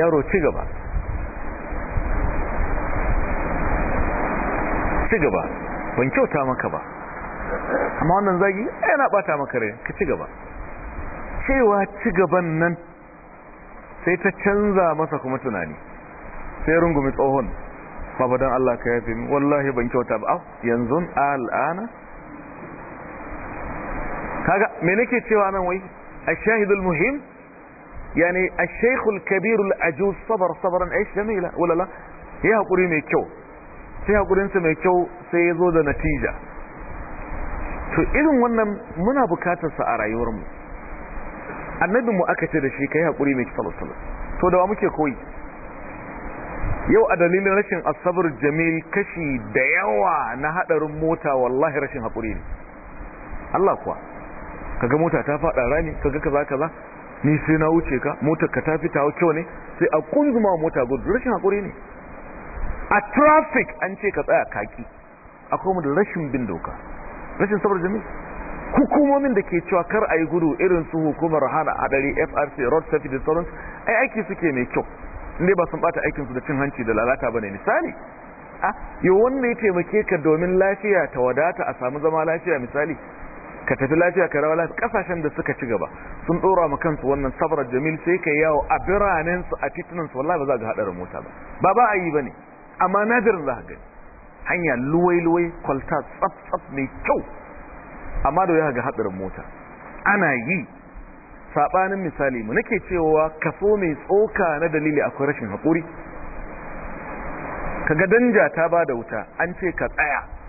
Speaker 1: yaro ci gaba ci gaba ban kyauta maka ba amma wannan zagi yana bata maka rai ka ci gaba cewa ci gaban nan sai ta canza masa kuma tunani sai rungumi tsohon mafadan Allah ka yafe min wallahi ban kyauta ba yanzu al'ana kaga me nake cewa nan wai ashahidul muhim yani الشيخ الكبير العجوز صبر صبرا ايش جميله ولا لا yayi hakuri mai kyau sai hakurinsa mai kyau sai yazo da natija to irin wannan muna bukatar sa a rayuwar mu annabin mu aka ce da shi kai hakuri mai kyau sallallahu to da wa muke koyi yau a dalilin rashin asabar jamil kashi da yawa na hadarin mota wallahi rashin hakuri ne Allah kuwa kaga mota ta fada rani kaga kaza kaza ni sai na wuce ka motar ka ta fita kyau ne sai a kunzuma mota gudu rashin hakuri ne a traffic an ce ka tsaya kaki akwai mu da rashin bin doka rashin sabar jami hukumomin da ke cewa kar a yi gudu irin su hukumar hana adari frc road safety da ai aiki suke mai kyau inda ba sun bata su da cin hanci da lalata ba ne misali a yau wanda ya taimake ka domin lafiya ta wadata a samu zama lafiya misali ka tafi lafiya ka rawa lafiya kasashen da suka ci gaba sun dora ma kansu wannan sabrar jamil sai ka yawo a biranen su a titunan su wallahi ba za ga hadarin mota ba ba ba a yi bane amma nadir za ka gani hanya luwai luwai kwalta tsaf tsaf mai kyau amma da ya ga hadarin mota ana yi sabanin misali mu nake cewa kaso mai tsoka na dalili akwai rashin hakuri ga danja ta bada wuta an ce ka tsaya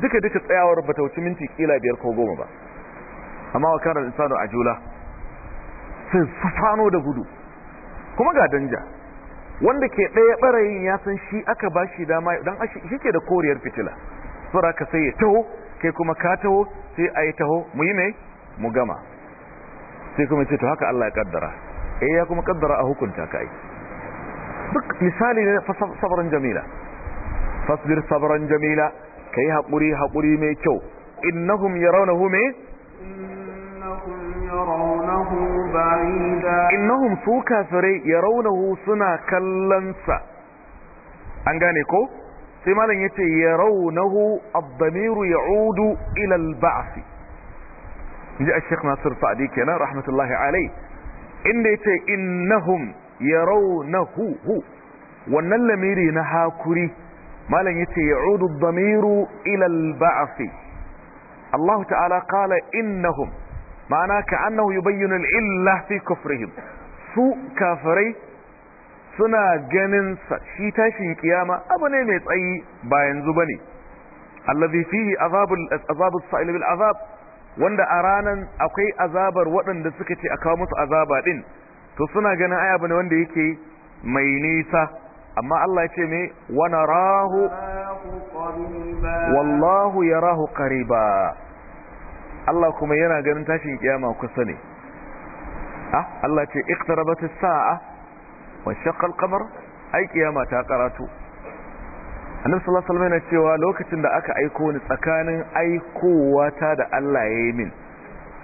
Speaker 1: duka duka tsayawar ba ta wuce minti kila biyar ko goma ba amma wa kanar insanu a jula sai fano da gudu kuma ga danja wanda ke ɗaya ɓarayin ya san shi aka ba shi dama don shi ke da koriyar fitila tsura ka sai ya taho kai kuma ka taho sai a yi taho mu yi mai mu gama sai kuma ce to haka Allah ya kaddara eh ya kuma kaddara a hukunta ka yi. duk misali ne fa sabran jamila fasbir sabran jamila ka yi haƙuri haƙuri mai kyau innahum yarawnahu me innahum su kafirai yarawnahu suna kallansa an gane ko sai malam ya yarawnahu ad-damiru ya ila ilal bath inji al-sheikh Nasir Sa'di kenan rahmatullahi alayh inda ya yace innahum yarawnahu wannan lamiri na hakuri malam yace ya'udu ad-damiru ila al-ba'th Allah ta'ala qala innahum ma'ana ka'annahu yubayyinu al-illa fi kufrihim su kafirai suna ganin shi tashin ƙiyama abu ne mai tsayi ba yanzu bane allazi fihi azabul azabus sa'il bil azab wanda a ranan akwai azabar waɗanda suka ce a kawo musu azaba din to suna ganin ai abu ne wanda yake mai nisa amma Allah ya ce me wana rahu? wallahu rahu kariba. Allah kuma yana ganin tashin kiyama kusa ne ah Allah ce iqtarabat saa wa shaqqa al-qamar ai kiyama ta karatu annabi sallallahu alaihi wasallam yana cewa lokacin da aka aiko ni tsakanin aikowata da Allah ya yi min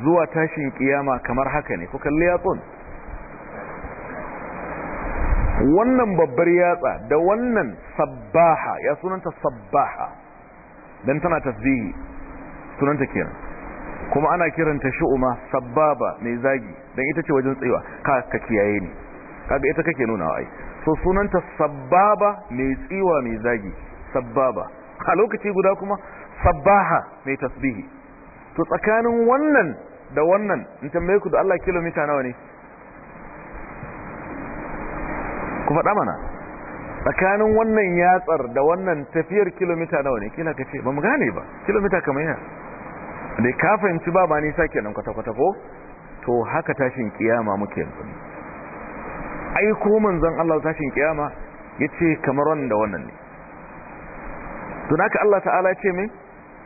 Speaker 1: zuwa tashin kiyama kamar haka ne ku kalli yatsun wannan babbar yatsa da wannan sabbaha ya sunanta sabbaha dan tana tasbihi sunanta kenan kuma ana kiranta shu'uma sabbaba mai zagi dan ita ce wajen tsayuwa ka ka kiyaye ni kaga ita kake nuna ai so sunanta sabbaba mai tsiwa mai zagi sabbaba a lokaci guda kuma sabbaha mai tasbihi to tsakanin wannan da wannan in tambaye ku da Allah kilomita nawa ne ku faɗa mana tsakanin wannan yatsar da wannan tafiyar kilomita nawa ne kila ka ce ba mu gane ba kilomita kamar yana da ka fahimci ba ma nisa kenan kwata-kwata ko to haka tashin kiyama muke yanzu ai ko manzon Allah tashin kiyama yace kamar wanda wannan ne to naka Allah ta'ala yace min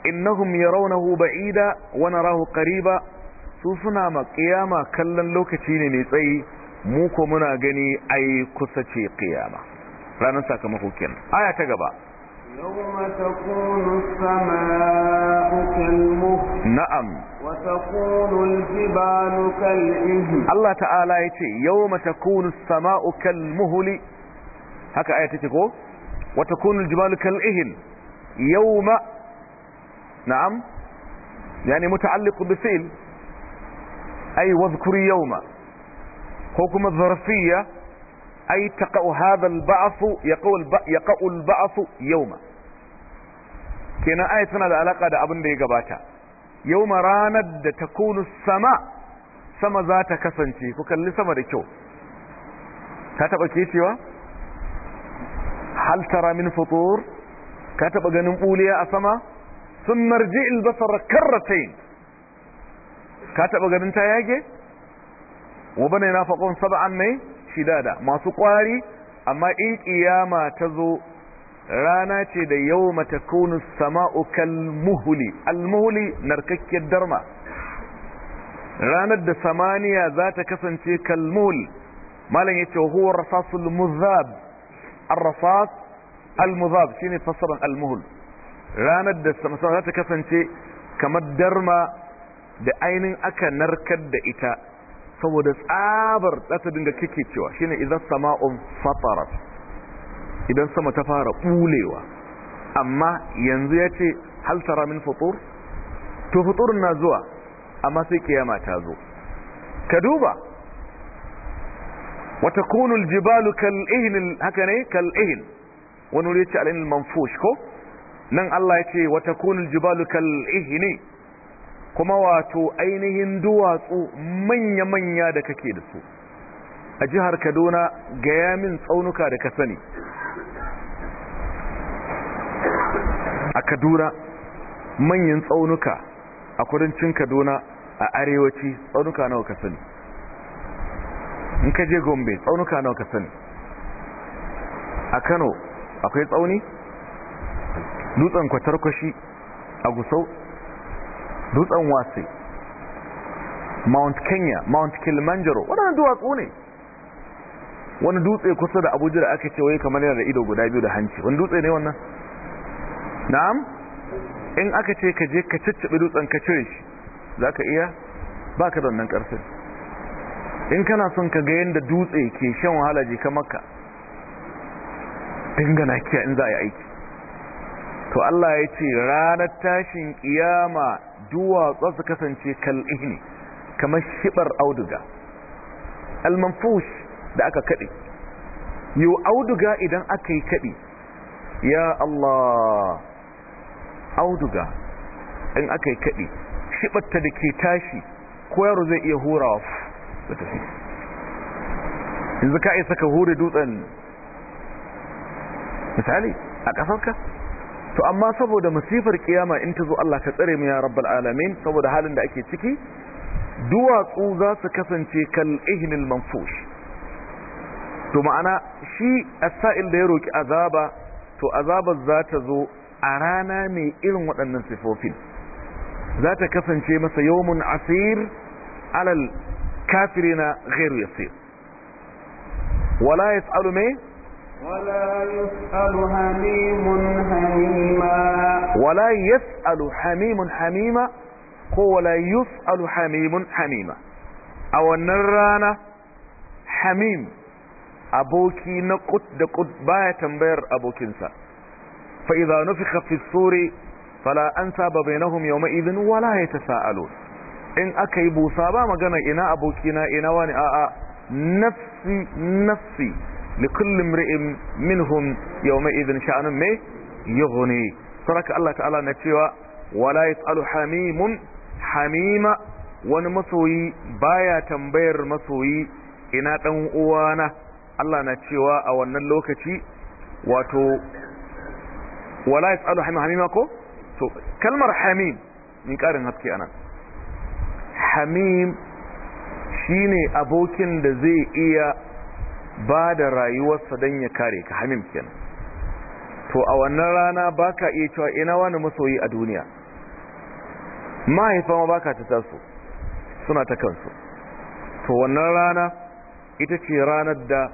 Speaker 1: innahum yarawnahu ba'ida wa narahu qariba su suna ma kiyama kallon lokaci ne mai tsayi mu ko muna gani ai kusa ce kiyama ranar sakamako kenan aya ta gaba يوم تكون السماء كالمهل نعم
Speaker 2: وتكون الجبال كالإهل الله
Speaker 1: تعالى يتي يوم تكون السماء كالمهل هكا آية تقول وتكون الجبال كالإهل يوم نعم يعني متعلق بفعل أي واذكر يوم ko kuma zarfiya ai taqa'u hadha al-ba'th yaqa'u al-ba'th yawma kenan ayat tana da alaƙa da abin da ya gabata yawma ranar da ta takunu sama sama za ta kasance ku kalli sama da kyau ka taba kecewa hal tara min futur ka taba ganin buliya a sama sun narji albasara karratain ka taba ganin ta yage wa na faƙon saba'an ne da masu ƙwari amma in ƙiyama ta zo rana ce da yau mata kunu sama'u kalmuhuli almuhuli narkakkiyar darma ranar da samaniya za ta kasance kalmul malam ya ce huwar rasasul muzab arrasas almuzab shine fassaran almuhul ranar da samaniya za ta kasance kamar darma da ainin aka narkar da ita saboda tsabar za ta dinga kike cewa shine idan sama'un fatarat idan sama ta fara bulewa amma yanzu yace hal tara min futur to futurun na zuwa amma sai kiyama ta zo ka duba wata aljibalu jibalu kal'ihin haka ne kal'ihin wani wuri al'in manfush ko nan Allah yace ce wata aljibalu jibalu kal'ihini kuma wato ainihin duwatsu manya-manya da kake da su a jihar kaduna gaya min tsaunuka da ka sani a kaduna manyan tsaunuka a kudancin kaduna a arewaci tsaunuka nawa ka sani in ka je gombe tsaunuka nawa ka sani a kano akwai tsauni dutsen kwashi a gusau dutsen wasi mount kenya mount kilimanjaro waɗannan duwatsu ne wani dutse kusa da abuja da aka ce wai kamar yana da ido guda biyu da hanci wani dutse ne wannan na'am in aka ce ka je ka cicciɓi dutsen ka cire shi za ka iya ba ka zannan ƙarfin in kana son ka ga yadda dutse ke shan wahala je ka maka dangana kiya in za a yi aiki to Allah ya ce ranar tashin kiyama duwatsu su kasance kal'ihni kamar shiɓar auduga almanfush da aka kaɗe yau auduga idan aka yi kaɗe ya Allah auduga in aka yi kaɗe shibarta da ke tashi ko zai iya hurawa da tafi yanzu ka isa ka hure dutsen misali a ƙasarka to amma saboda masifar kiyama in ta zo Allah ka tsare mu ya rabbal alamin saboda halin da ake ciki duwatsu za su kasance kal ihnil manfush to ma'ana shi As-Sa'il da ya roki azaba to azabar za ta zo a rana mai irin waɗannan sifofin za ta kasance masa yawmun asir alal kafirina ghairu yasir wala yas'alu mai
Speaker 2: ولا يسأل حميم حميما
Speaker 1: ولا يسأل حميم حميما هو لا يسأل حميم حميما
Speaker 2: او نرانا
Speaker 1: حميم ابوكي نقط دقط باية تنبير ابوكينسا فاذا نفخ في الصور فلا انساب بينهم يومئذ ولا يتساءلون ان اكي بوسابا مغانا انا ابوكينا انا واني اا نفسي نفسي لكل امرئ منهم يومئذ شان ما يغني ترك الله تعالى نتيوا ولا يسأل حميم حميم ونمسوي بايا تنبير مسوي ina dan uwana Allah na cewa a wannan lokaci wato wala yasalu hamima ko kalmar hamim ni karin haske anan hamim shine abokin da zai iya ba da rayuwarsa don ya kare ka hamim kenan to a wannan rana baka ka iya cewa ina wani masoyi a duniya mahaifa ma ba ta taso suna ta kansu to wannan rana ita ce ranar da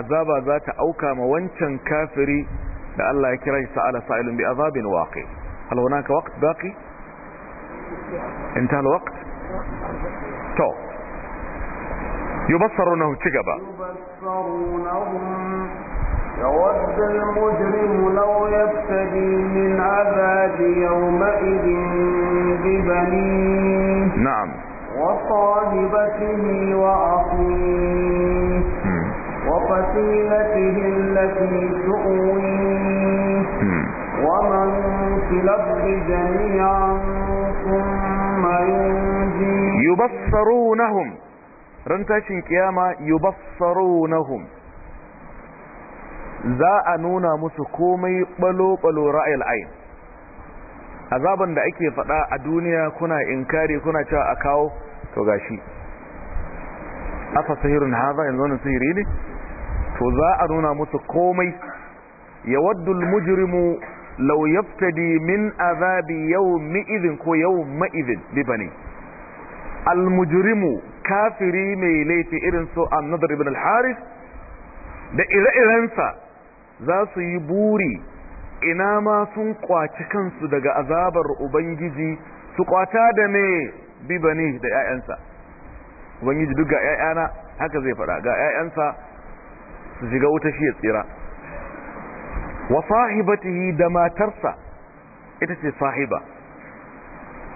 Speaker 1: azaba za ta auka ma wancan kafiri da Allah ya kira shi sa'ala sa'ilun bi azabin waqi hal hunaka waqt baqi inta al waqt to yubassarunahu ci gaba يبصرونهم
Speaker 2: يود المجرم لو يفتدي من عذاب يومئذ ببنيه نعم وصاحبته وأخيه وفتيلته التي تؤويه ومن في الأرض جميعا ثم ينجيه يبصرونهم ran
Speaker 1: tashin kiyama yubassarunhum za a nuna musu komai balo-balo ra'ayil ayin azaban da ake faɗa a duniya kuna inkari kuna cewa a kawo to gashi afa sihirun haza yanzu wani sihiri ne to za a nuna musu komai ya waddul mujrimu law yaftadi min azabi yawmi idhin ko yawma idhin bibani al mujrimu kafiri mai laifi irin su annadar ibn al-haris da ire-irensa za su yi buri ina ma sun kwaci kansu daga azabar ubangiji su kwata da me bibani da 'ya'yansa ubangiji duk ga 'ya'yana haka zai faɗa ga 'ya'yansa su shiga wuta shi ya tsira wa sahibatihi da matarsa ita ce sahiba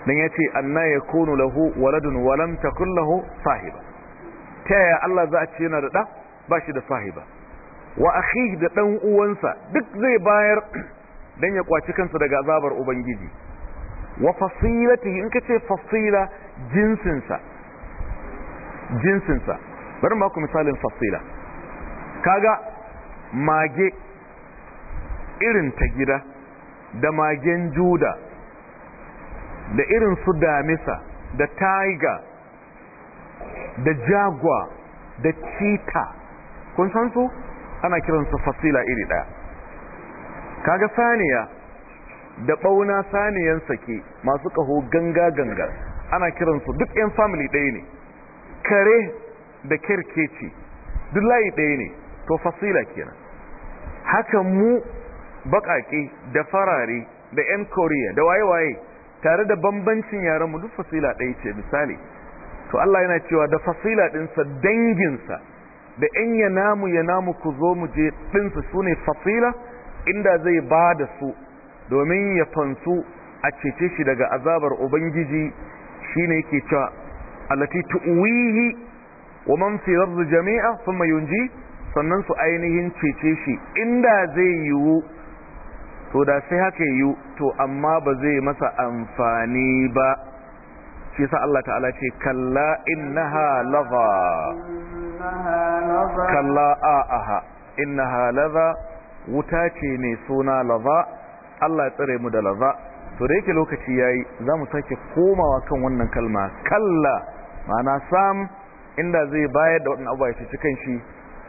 Speaker 1: dan yace anna yakunu lahu waladun wa lam takul lahu sahiba ta yaya Allah za a ce yana da da ba shi da sahiba wa akhi da dan uwansa duk zai bayar dan ya kwaci kansa daga azabar ubangiji wa fasilatihi in kace fasila jinsinsa jinsinsa bari ma ku misalin fasila kaga mage irin ta gida da magen juda da irin su damisa da tiger da jagwa da cheetah kun san su ana kiransu fasila iri daya kaga saniya da bauna saniyan sake masu kaho ganga ganga ana kiransu duk yan family ɗaya ne kare da kirkeci duk layi ɗaya ne to fasila kenan haka mu bakaki, da farare da yan koriya da waye-waye tare da bambancin yaran mu duk fasila ɗaya ce misali to Allah yana cewa da fasila ɗinsa danginsa da in ya namu ya namu ku zo mu je ɗinsa su ne fasila inda zai ba da su domin ya fansu a cece shi daga azabar ubangiji shi ne yake cewa alati tuwihi wa man fi jami'a thumma yunji sannan su ainihin cece shi inda zai yiwu to da sai haka yi to amma ba zai masa amfani ba shi sa Allah ta'ala ce kalla innaha lafa. kalla a'aha innaha lafa. wuta ce mai suna laza Allah ya mu da laza to da yake lokaci ya yi za mu sake komawa kan wannan kalma kalla ma'ana sam inda zai bayar da waɗannan abuwa ya ce cikin shi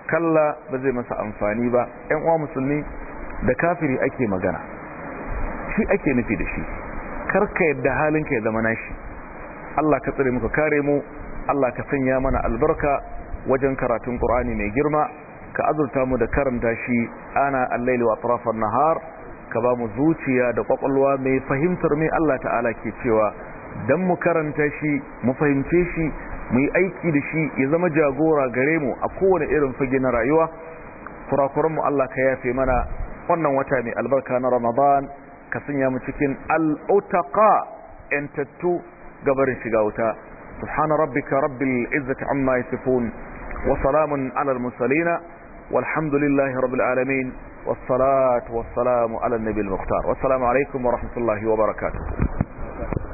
Speaker 1: kalla ba zai masa amfani ba ƴan musulmi da kafiri ake magana shi ake nufi da shi karka yadda ka ya zama nashi Allah ka tsare muka kare mu Allah ka sanya mana albarka wajen karatun Qur'ani mai girma ka azurta mu da karanta shi ana al layli wa atrafan nahar ka ba mu zuciya da kwakwalwa mai fahimtar mai Allah ta'ala ke cewa dan mu karanta shi mu fahimce shi mu yi aiki da shi ya zama jagora gare mu a kowane irin fage na rayuwa mu Allah ka yafe mana wannan wata mai albarka na ramadan ka sanya mu cikin al'utaka yantattu gabarin shiga wuta subhana rabbika rabbil izzati amma yasifun wa salamun ala al-mursalin walhamdulillahi rabbil alamin والصلاة والسلام على النبي المختار والسلام wa ورحمة wa وبركاته